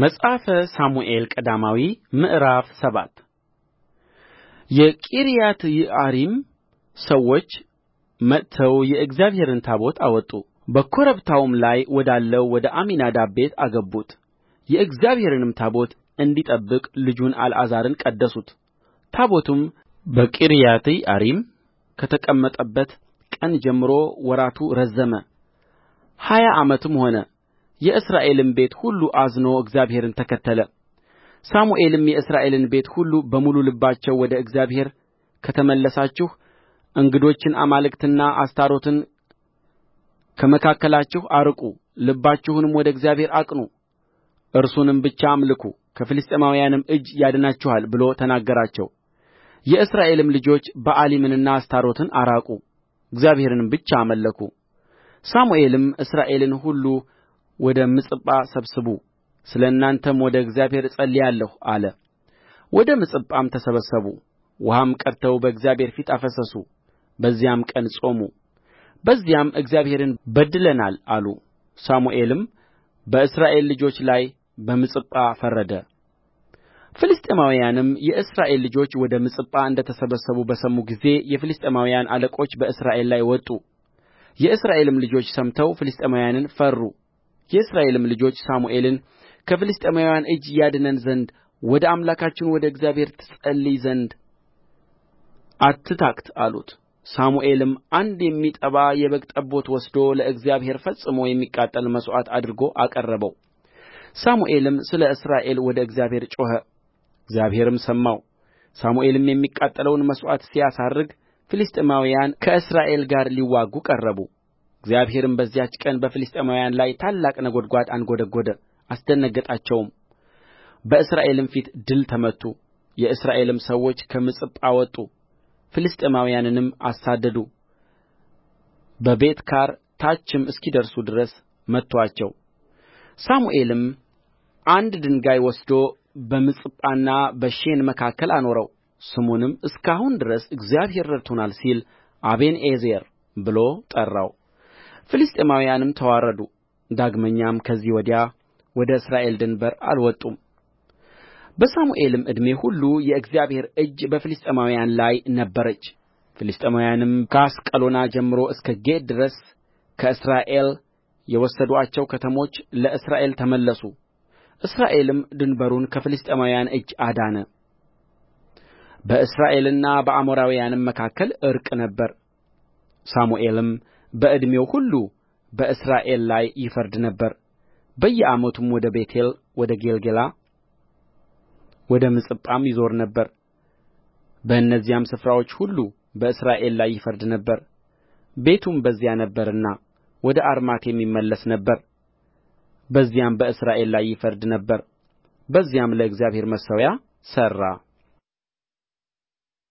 መጽሐፈ ሳሙኤል ቀዳማዊ ምዕራፍ ሰባት የቂርያትይዓሪም ሰዎች መጥተው የእግዚአብሔርን ታቦት አወጡ፣ በኮረብታውም ላይ ወዳለው ወደ አሚናዳብ ቤት አገቡት። የእግዚአብሔርንም ታቦት እንዲጠብቅ ልጁን አልዓዛርን ቀደሱት። ታቦቱም በቂርያትይዓሪም ከተቀመጠበት ቀን ጀምሮ ወራቱ ረዘመ፣ ሀያ ዓመትም ሆነ። የእስራኤልም ቤት ሁሉ አዝኖ እግዚአብሔርን ተከተለ ሳሙኤልም የእስራኤልን ቤት ሁሉ በሙሉ ልባቸው ወደ እግዚአብሔር ከተመለሳችሁ እንግዶችን አማልክትና አስታሮትን ከመካከላችሁ አርቁ ልባችሁንም ወደ እግዚአብሔር አቅኑ እርሱንም ብቻ አምልኩ ከፍልስጥኤማውያንም እጅ ያድናችኋል ብሎ ተናገራቸው የእስራኤልም ልጆች በኣሊምንና አስታሮትን አራቁ እግዚአብሔርንም ብቻ አመለኩ ሳሙኤልም እስራኤልን ሁሉ ወደ ምጽጳ ሰብስቡ ስለ እናንተም ወደ እግዚአብሔር እጸልያለሁ አለ ወደ ምጽጳም ተሰበሰቡ ውኃም ቀድተው በእግዚአብሔር ፊት አፈሰሱ በዚያም ቀን ጾሙ በዚያም እግዚአብሔርን በድለናል አሉ ሳሙኤልም በእስራኤል ልጆች ላይ በምጽጳ ፈረደ ፍልስጥኤማውያንም የእስራኤል ልጆች ወደ ምጽጳ እንደ ተሰበሰቡ በሰሙ ጊዜ የፍልስጥኤማውያን አለቆች በእስራኤል ላይ ወጡ የእስራኤልም ልጆች ሰምተው ፍልስጥኤማውያንን ፈሩ የእስራኤልም ልጆች ሳሙኤልን ከፍልስጥኤማውያን እጅ ያድነን ዘንድ ወደ አምላካችን ወደ እግዚአብሔር ትጸልይ ዘንድ አትታክት አሉት ሳሙኤልም አንድ የሚጠባ የበግ ጠቦት ወስዶ ለእግዚአብሔር ፈጽሞ የሚቃጠል መሥዋዕት አድርጎ አቀረበው ሳሙኤልም ስለ እስራኤል ወደ እግዚአብሔር ጮኸ እግዚአብሔርም ሰማው ሳሙኤልም የሚቃጠለውን መሥዋዕት ሲያሳርግ ፍልስጥኤማውያን ከእስራኤል ጋር ሊዋጉ ቀረቡ እግዚአብሔርም በዚያች ቀን በፍልስጥኤማውያን ላይ ታላቅ ነጐድጓድ አንጐደጐደ አስደነገጣቸውም በእስራኤልም ፊት ድል ተመቱ የእስራኤልም ሰዎች ከምጽጳ ወጡ ፍልስጥኤማውያንንም አሳደዱ በቤትካር ታችም እስኪደርሱ ድረስ መቱአቸው ሳሙኤልም አንድ ድንጋይ ወስዶ በምጽጳና በሼን መካከል አኖረው ስሙንም እስከ አሁን ድረስ እግዚአብሔር ረድቶናል ሲል አቤንኤዘር ብሎ ጠራው ፍልስጥኤማውያንም ተዋረዱ ዳግመኛም ከዚህ ወዲያ ወደ እስራኤል ድንበር አልወጡም በሳሙኤልም ዕድሜ ሁሉ የእግዚአብሔር እጅ በፍልስጥኤማውያን ላይ ነበረች ፍልስጥኤማውያንም ከአስቀሎና ጀምሮ እስከ ጌት ድረስ ከእስራኤል የወሰዱአቸው ከተሞች ለእስራኤል ተመለሱ እስራኤልም ድንበሩን ከፍልስጥኤማውያን እጅ አዳነ በእስራኤልና በአሞራውያንም መካከል ዕርቅ ነበረ ሳሙኤልም በዕድሜው ሁሉ በእስራኤል ላይ ይፈርድ ነበር በየዓመቱም ወደ ቤቴል ወደ ጌልገላ ወደ ምጽጳም ይዞር ነበር በእነዚያም ስፍራዎች ሁሉ በእስራኤል ላይ ይፈርድ ነበር ቤቱም በዚያ ነበረና ወደ አርማቴም ይመለስ ነበር በዚያም በእስራኤል ላይ ይፈርድ ነበር በዚያም ለእግዚአብሔር መሠዊያ ሠራ